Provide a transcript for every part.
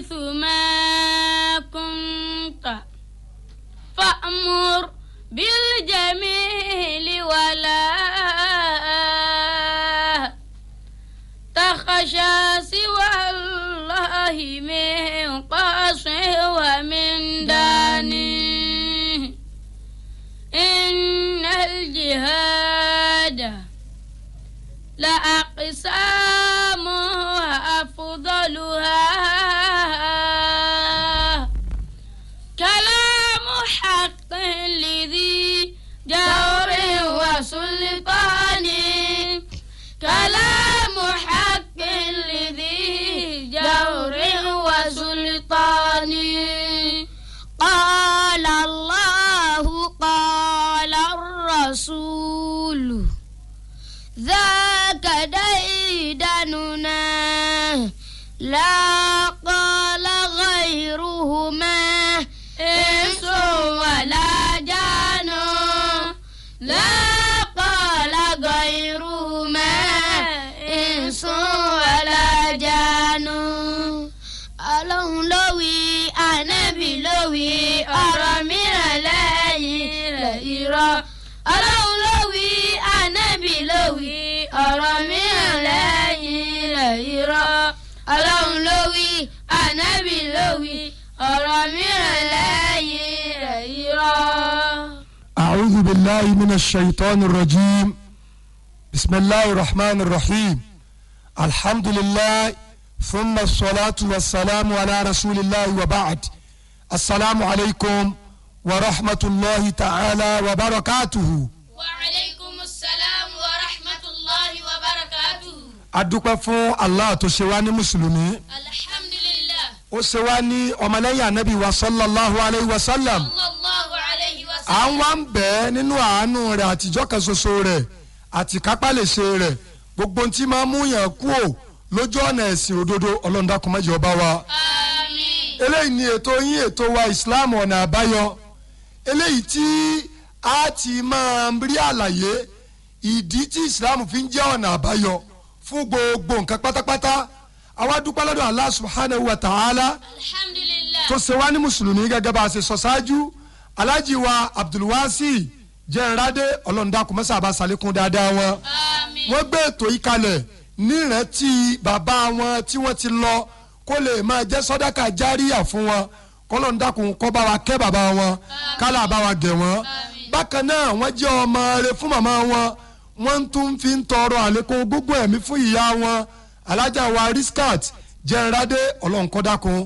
حيث ما كنت فأمر بالجميل ولا تخشى سوى الله من قاص ومن داني إن الجهاد لأقسام ọ̀rọ̀ mìíràn lẹ́yìn rẹ̀ irọ́ ọlọ́run ló wí ànábì ló wí ọ̀rọ̀ mìíràn lẹ́yìn rẹ̀ irọ́ ọlọ́run ló wí ànábì ló wí ọ̀rọ̀ mìíràn lẹ́yìn rẹ̀ irọ́. أعوذ بالله من الشيطان الرجيم بسم الله الرحمن الرحيم الحمد لله ثم الصلاة والسلام على رسول الله وبعد asalaamu alaykum wa rahmatulahi ta'ala wa barakatuhu. wa aleykum salaam wa rahmatulahi wa barakatuhu. a dúpẹ́ fún allah tó ṣe wá ní mùsùlùmí. alhamdulilah. ó ṣe wá ní ọmọlẹ́yìn anabi wa sallallahu alayhi wa sallam. sallallahu alayhi wa sallam. à ń wá ń bẹ́ẹ̀ nínú àánú rẹ̀ àtijọ́ kan ṣoṣo rẹ̀ àti kápá lè ṣe rẹ̀ gbogbo ohun tí máa mú yàn kú ò lójú ọ̀nà ẹ̀sìn òdodo ọlọ́run dákun má jẹ́ ó bá wa. Ah eléyìí ni ètò yín ètò wa Islam ọ̀nà àbáyọ eléyìí tí a ti máa rí àlàyé ìdí tí Islam fi ń jẹ́ ọ̀nà àbáyọ fún gbogbo nǹkan pátápátá àwa dúpẹ́ lọ́dọ̀ Allah subhanahu wa ta'ala alhamdulillah tó ṣe wá ní mùsùlùmí gẹ́gẹ́ bá a ṣe sọ ṣáájú alhaji wa Abdulwasi jẹ́nradé ọlọ́ndàkùnmọ́sá àbá ṣàlékún dáadáa wọn wọ́n gbé ètò yìí kalẹ̀ nírètí bàbá wọn tí wọ́n ti lọ kó lè máa jẹ́ sọ́dáka járíyà fún wọn kọ́lọ́n dákun kó bá wa kẹ́ bàbá wọn kálá bá wa gẹ̀ wọ́n bákan náà wọ́n jẹ́ ọmọ rere fún màmá wọn wọ́n tún fi ń tọrọ àlékún gbogbo ẹ̀mí fún ìyá wọn alájà wa riskat jẹ́nradé ọlọ́nkọ́dákun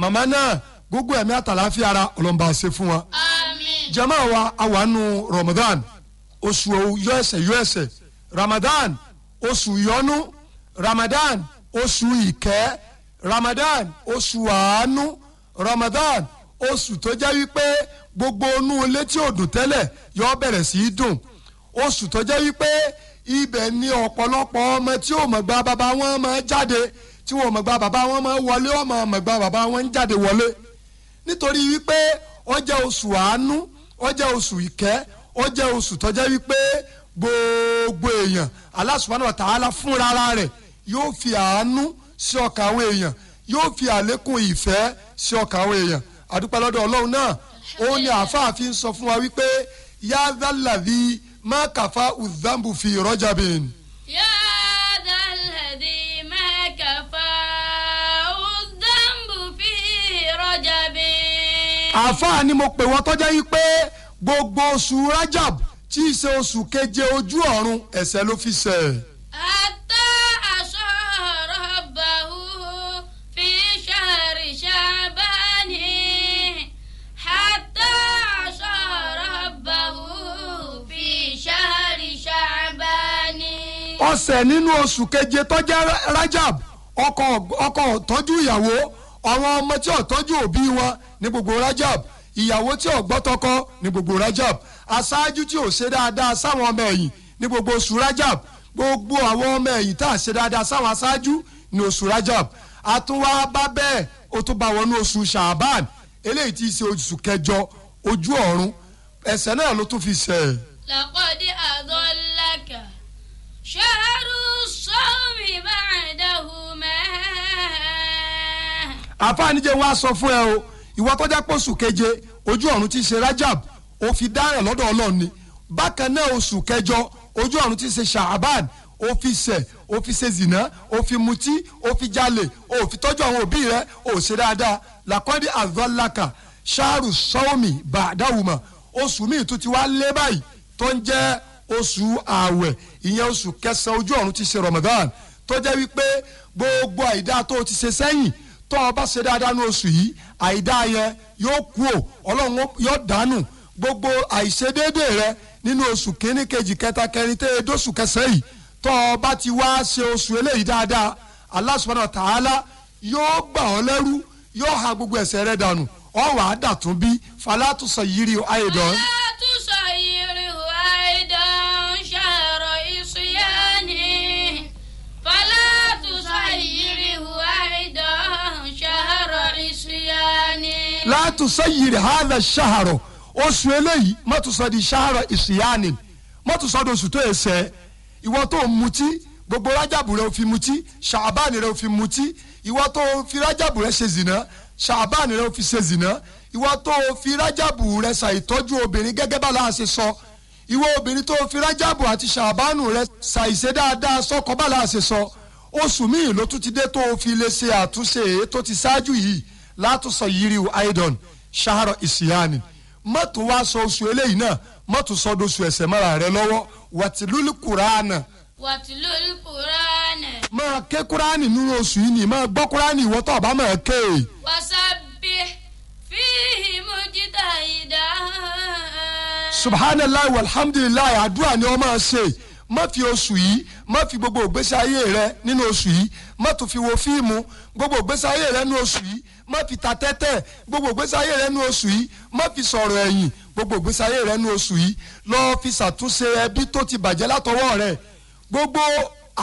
màmá náà gbogbo ẹ̀mí àtàláfíà ara ọlọ́nba ṣe fún wọn. jama wa awanu Ramadan oṣù yọ ẹsẹ̀ yọ ẹsẹ̀ Ramadan oṣù yọnu Ramadan oṣù ìkẹ́ Ramadan oṣù àánú Ramadan oṣù tó jẹ́ wípé gbogbo inú ilé tí ò dùn tẹ́lẹ̀ yóò bẹ̀rẹ̀ sí í dùn oṣù tó jẹ́ wípé ibẹ̀ ni ọ̀pọ̀lọpọ̀ ọmọ tí ò mọ̀ gba bàbá wọn máa jáde tí wọn ò mọ̀ gba bàbá wọn máa wọlé ọmọ mọ̀ gba bàbá wọn ń jáde wọlé nítorí wípé ó jẹ́ oṣù àánú ó jẹ́ oṣù ìkẹ́ ó jẹ́ oṣù tó jẹ́ wípé gbogbo èèyàn Allah subhanahu wa ta'ala fúnra rẹ̀ yóò fi àánú sí ọkàn àwọn èèyàn yóò fi àlékún ìfẹ́ sí ọkàn àwọn èèyàn àdúpẹ́ lọ́dọ̀ ọlọ́run náà ó ní àáfàá fi ń sọ fún wa wípé yáàdá làbí má kàfa ùdàmbù fi rọ́jàbìn. yáàdá làbí má kàfa ùdàmbù fi rọ́jàbìn. àáfàá ni mo pè wọ́n tọ́já yìí pé gbogbo oṣù rajab tí í ṣe oṣù keje ojú ọ̀run ẹ̀ṣẹ̀ ló fi ṣẹ̀. ọ̀sẹ̀ nínú oṣù keje tó Rajab ọkọ ọkọ ọ̀tọ́jú ìyàwó àwọn ọmọ tí ọ̀tọ́jú òbí wọn ní gbogbo Rajab ìyàwó tí ọ̀gbọ́tọ́kọ́ ní gbogbo Rajab aṣáájú tí ò ṣe dáadáa sáwọn ọmọ ẹ̀yìn ní gbogbo oṣù Rajab gbogbo àwọn ọmọ ẹ̀yìn tá à ṣe dáadáa sáwọn aṣáájú ní oṣù Rajab àtúnwá bá bẹ́ẹ̀ ó tún bá wọnú oṣù Shaban eléyìí tí í ṣe oṣù kẹjọ ojú ọ̀run ẹ̀ṣẹ̀ náà ló tún fi ṣẹ̀. làkọ́dé àgọ́ ṣẹ́rù sọ́ọ̀mì bàdàhùn mẹ́. wa sọ fún ẹ o ìwọ tó jẹ́ keje ojú ọ̀run ti ṣe rajab ó fi dáràn lọ́dọ̀ ọlọ́run ni bákan náà oṣù kẹjọ ojú ọ̀run ti ṣe sha'aban ó fi ṣẹ̀ ó fi ṣe zìnà ó fi mutí ó fi jalè ó fi tọ́jú àwọn òbí rẹ̀ ó ṣe dáadáa làkọ́ndé azọ́láka ṣáàrù sọ́ọ̀mì bàdáwùmọ̀ oṣù míì tó ti wá lé báyìí tó ń jẹ́ oṣù ààwẹ̀ ìyẹn oṣù kẹsàn-án ojú ọ̀run ti ṣe Ramadan tó jẹ́ wípé gbogbo àìdá tó ti ṣe sẹ́yìn tó o bá ṣe dáadáa ní oṣù yìí àìdá yẹn yóò kú ò ọlọ́run yóò dànù gbogbo àìṣedéédé rẹ nínú oṣù kínní kejì kẹta kẹrin tẹ́ ẹ kẹsàn-án yìí tó o bá ti wá ṣe oṣù eléyìí dáadáa Allah subhanahu ta'ala yóò gbà ọ́ lẹ́rú yóò ha gbogbo ẹ̀ṣẹ̀ rẹ dànù ọ̀ wàá dàtún bí falátùsọ̀ yìí rí ayé látùsọ yìí hàdà ṣàhàrọ̀ oṣù eléyìí mọ́tùsọ di ṣàhàrọ̀ ìṣìyàní di oṣù tó ẹsẹ̀ ìwọ tó mutí gbogbo rájàbù rẹ òfin mutí ṣàbáàni rẹ òfin mutí ìwọ tó fi rájàbù rẹ ṣe zìnà ṣàbáàni rẹ òfin ṣe zìnà ìwọ tó fi rájàbù rẹ ṣàìtọ́jú obìnrin gẹ́gẹ́ bá láà ṣe sọ ìwọ obìnrin tó fi rájàbù àti ṣàbáànù rẹ ṣàìṣe dáadáa sọkọ bá láà ṣe sọ oṣù míì ló tún ti dé tó fi lè ṣe àtúnṣe èyí tó ti ṣáájú yìí látúnṣe yiri o aidan ṣahara isiyani mọ́tò wá sọ oṣù eléyìí náà mọ́tò sọdọ̀ oṣù ẹ̀sẹ̀ mọ́ra rẹ lọ́wọ́ wàtílúlì kùránà. wàtílúlì kùránà. máa ké kúránì nínú oṣù yìí ni máa gbọ́ kúránì ìwọ tó bá máa ké. wasabi fihi mojita ida. subhanallah walhamdulilayi àdúrà ni ó máa ṣe má fi oṣù yìí má fi gbogbo ògbésí ayé rẹ nínú oṣù yìí má tún fi wo fíìmù gbogbo ògbésí ayé rẹ nínú oṣù yìí má fi ta tẹ́tẹ́ gbogbo ìgbésí ayé rẹ nu oṣù yìí má fi sọ̀rọ̀ ẹ̀yìn gbogbo ìgbésí ayé rẹ nu oṣù yìí lọ fi ṣàtúnṣe ẹbí tó ti bàjẹ́ látọwọ́ rẹ gbogbo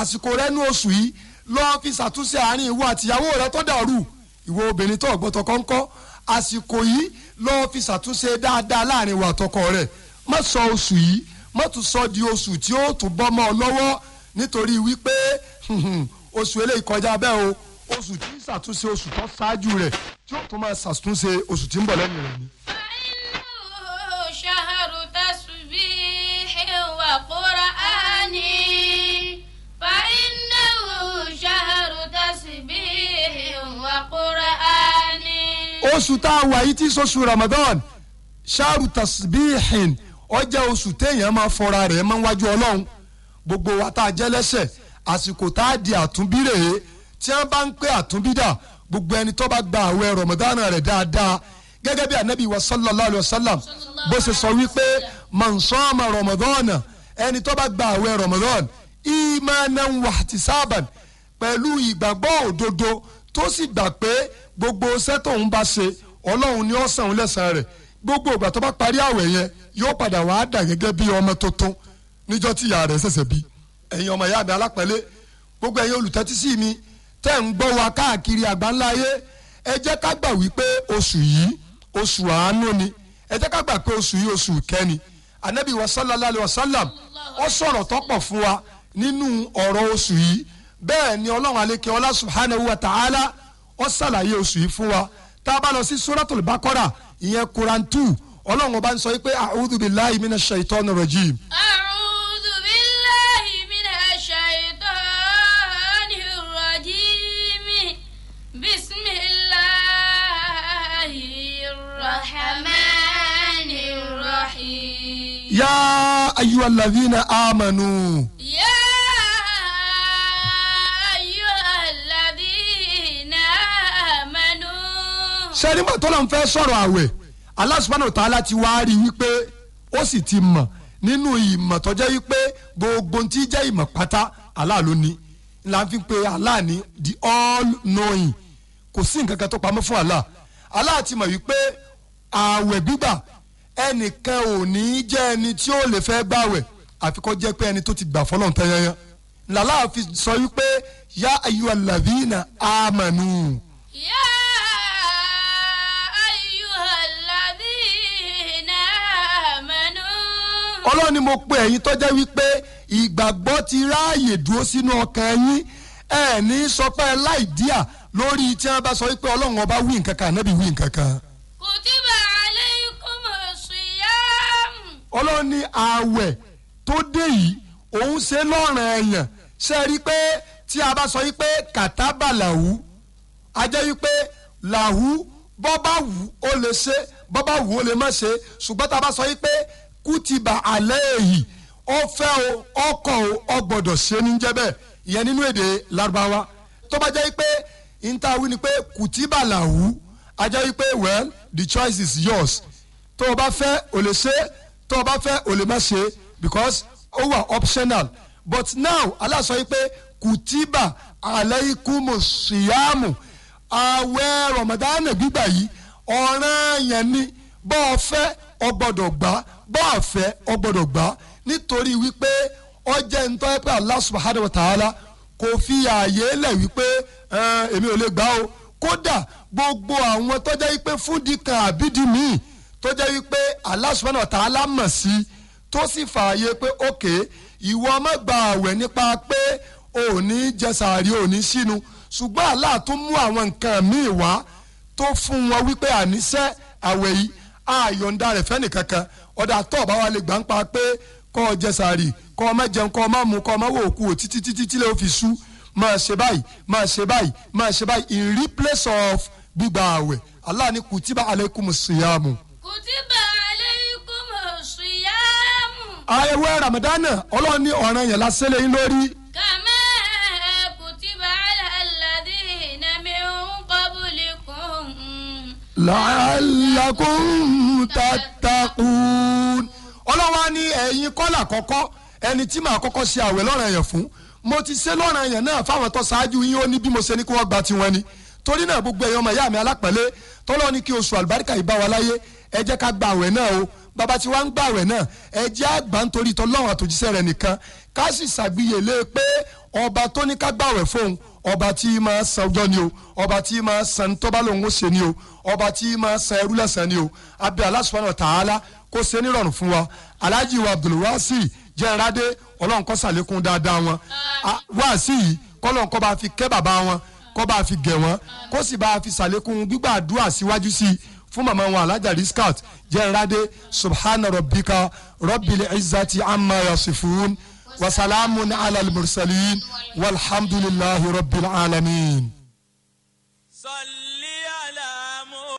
àsìkò rẹ nu oṣù yìí lọ fi ṣàtúnṣe àárín ìwọ àtìyàwó rẹ tó dàrú ìwọ obìnrin tó ọ̀gbọ́tọ̀ kọ́ńkọ́ àsìkò yìí lọ fi ṣàtúnṣe dáadáa láàrin ìwà àtọkọ rẹ má sọ oṣù yìí má tún sọ di oṣù tí ó tún bọ́ mọ́ ọ lọ́wọ́ nítorí wípé oṣù eléyìí kọjá bẹ́ẹ̀ o oṣù tí ń ṣàtúnṣe oṣù tó ṣáájú rẹ̀ tí ó tún máa ṣàtúnṣe oṣù tí ń bọ̀ lẹ́yìn rẹ̀ ni. ṣaharu wa qur'ani fa innahu ṣaharu tasbihi wa qur'ani. oṣù tá a wà yìí tí sọ́sù Ramadan ṣaharu tasbihin ó oṣù téèyàn máa fọra rẹ̀ máa ń wájú Ọlọ́run gbogbo wa tá a jẹ́ lẹ́sẹ̀ àsìkò tá a di àtúnbí rèé tí wọ́n bá ń pè àtúnbídà gbogbo ẹni tó bá gba àwẹ̀ rọ̀mọ̀dánù rẹ̀ dáadáa gẹ́gẹ́ bí anabi wa sallallahu alayhi wa sallam bó ṣe sọ wípé mọ̀nsọ́ọ̀mà rọ̀mọ̀dánù ẹni tó bá gba àwẹ̀ rọ̀mọ̀dánù ìmọ̀nàn wàtísàbàn pẹ̀lú ìgbàgbọ́ òdodo tó sì gbà pé gbogbo iṣẹ́ tóun bá ṣe ọlọ́run ni ó san lẹ́san rẹ̀ gbogbo ìgbà tó bá parí àwẹ̀ yẹn yóò padà wàá dà gẹ́gẹ́ bí ọmọ tuntun níjọ́ tí ìyá rẹ̀ ṣẹ̀ṣẹ̀ bí ẹ̀yin ọmọ ìyá mi alápẹ̀lẹ́ gbogbo ẹ̀yin olùtẹ́tísí mi tẹ́ ń gbọ́ wa káàkiri àgbáńláyé ẹ jẹ́ ká gbà wípé oṣù yìí oṣù àánú ni ẹ jẹ́ ká gbà pé oṣù anabi alayhi ó sọ̀rọ̀ tọ́pọ̀ fún wa nínú ni ọlọ́run aleke ọlá subhanahu wa ta'ala ó oṣù yìí fún wa bakora ìyẹn ọlọ́run ọba ń sọ yìí pé أيها الذين آمنوا يا أيها الذين آمنوا sẹ́ni mà tó lọ́n fẹ́ sọ̀rọ̀ àwẹ̀ Allah subhanahu wa ta'ala ti wá rí wípé ó sì ti mọ̀ nínú ìmọ̀ tó wípé gbogbo tí jẹ́ ìmọ̀ pátá Allah ló ní là ń fi the all knowing kò sí nǹkan kan tó pamọ́ fún Allah Allah ti mọ̀ wípé ààwẹ̀ gbígbà ẹnìkan ò ní í jẹ́ ẹni tí ó lè fẹ́ gbàwẹ̀ àfi kó jẹ́ pé ẹni tó ti gbà fọlọ́n tán yanyan làlá fi sọ wípé yá ayú alavina amanu. yá ọlọ́run ni mo pe ẹ̀yin tó wípé ìgbàgbọ́ ti ráàyè dúró sínú ọkàn yín ẹ ní sọ pé lórí tí wọ́n bá sọ wípé ọlọ́run ọba wí nǹkan kan ànábì wí nǹkan kan. kò tí ọlọ́run ní ààwẹ̀ tó dé yìí òun ṣe lọ́ràn ẹ̀yàn ṣe rí i pé tí a bá sọ yìí pé kàtàbà làwù a jẹ́ yìí pé làwù bọ́ bá wù ó lè ṣe bọ́ bá wù ó lè má ṣe ṣùgbọ́n tá a bá sọ yìí pé kùtìbà àlẹ́ èyí ó fẹ́ o ọkọ̀ o ọ gbọ́dọ̀ ṣe ní jẹ́ bẹ́ẹ̀ ìyẹn nínú èdè Lárúbáwá tó bá jẹ́ yìí pé ìntàwí ni pé kùtìbà làwù a jẹ́ yìí pé well the choice is yours tó o bá fẹ́ o lè ṣe é tó o bá fẹ́ o lè má ṣe because ó wà optional but now Allah sọ pé kùtìbà alaykumu siyamu àwẹ̀ Ramadan gbígbà yìí ọ̀ranyàn ni bọ́ ọ fẹ́ ọ gbọ́dọ̀ gbà bọ́ ọ fẹ́ ọ gbọ́dọ̀ gbà nítorí wípé ọ jẹ́ nítorí pé Allah subhanahu wa ta'ala kò fi ààyè lẹ̀ wípé èmi ò lè gbà o kódà gbogbo àwọn tọ́jà yìí pé fúndì kan àbídì míì tó jẹ́ wípé Allah subhanahu wa ta'ala mọ̀ sí tó sì fààyè pé òkè ìwọ má gba àwẹ̀ nípa pé ò ní jẹ sàárì ò ní sínú ṣùgbọ́n Allah tún mú àwọn nǹkan míì wá tó fún wọn wípé àníṣe àwẹ̀ yìí àyọ̀ǹda rẹ̀ fẹ́ni kankan ọ̀dà tó ọ̀bá wa lè gbà ń pa pé kọ́ ọ jẹ kọ́ ọ má kọ́ ọ má mu kọ́ ọ má wò kú títí títí tí lè fi sú máa ṣe báyìí máa ṣe báyìí máa ṣe báyìí in replace of gbígba àwẹ̀ Allah ni kùtìbà alaykumus siyamu kùtìbà aláìkúmù síyámù. ààwẹ̀ ramadana ọlọ́run ní ọ̀ràn yẹn la ṣẹlẹ̀ yín lórí. kàmá kùtìbà aláàládì nàmí nkọ́bùlìkùn. làálàkùn tàtàkùn. ọlọ́wà ní ẹ̀yin kọ́là kọ́kọ́ ẹni tí màá kọ́kọ́ ṣe ààwẹ̀ lọ́ràn yẹn fún mo ti ṣe lọ́ràn yẹn náà fáwọn tó ṣáájú yín ó ní bí mo ṣe ní kí wọ́n gba tiwọn ni torí náà gbogbo ẹ̀yọ́ ọmọ ìyá mi alápẹ̀lẹ́ tọ́lọ́ ní kí oṣù àlùbáríkà yìí bá wa láyé ẹ jẹ́ ká gba àwẹ̀ náà o bàbá tí wàá ń gba àwẹ̀ náà ẹ jẹ́ àgbà nítorí tọ́lọ́run àtòjíṣẹ́ rẹ̀ nìkan ká sì ṣàgbéyèlé e pé ọba tó ní ká gba àwẹ̀ fóun ọba tí máa san ọjọ́ ni o ọba tí máa san tọ́ba lòun ó ṣe ni o ọba tí máa san ẹrú lẹ́sàn ni o abẹ́ Allah subhanahu wa ta'ala kó ṣe nírọ̀rùn fún wa alhaji wa abdulwasi jẹ́nradé ọlọ́run kó ṣàlékún dáadáa wọn wáàsí yìí kọ́lọ́run kó bá fi kẹ́ bàbá wọn kó bá fi gẹ̀ wọ́n kó sì bá fi ṣàlékún gbígbàdúrà síwájú sí i fún màmá wọn alájà riskat jẹ́nradé subhana rabbika rabbil izzati amma yasifun wasalamun alal mursalin walhamdulillahi rabbil alamin.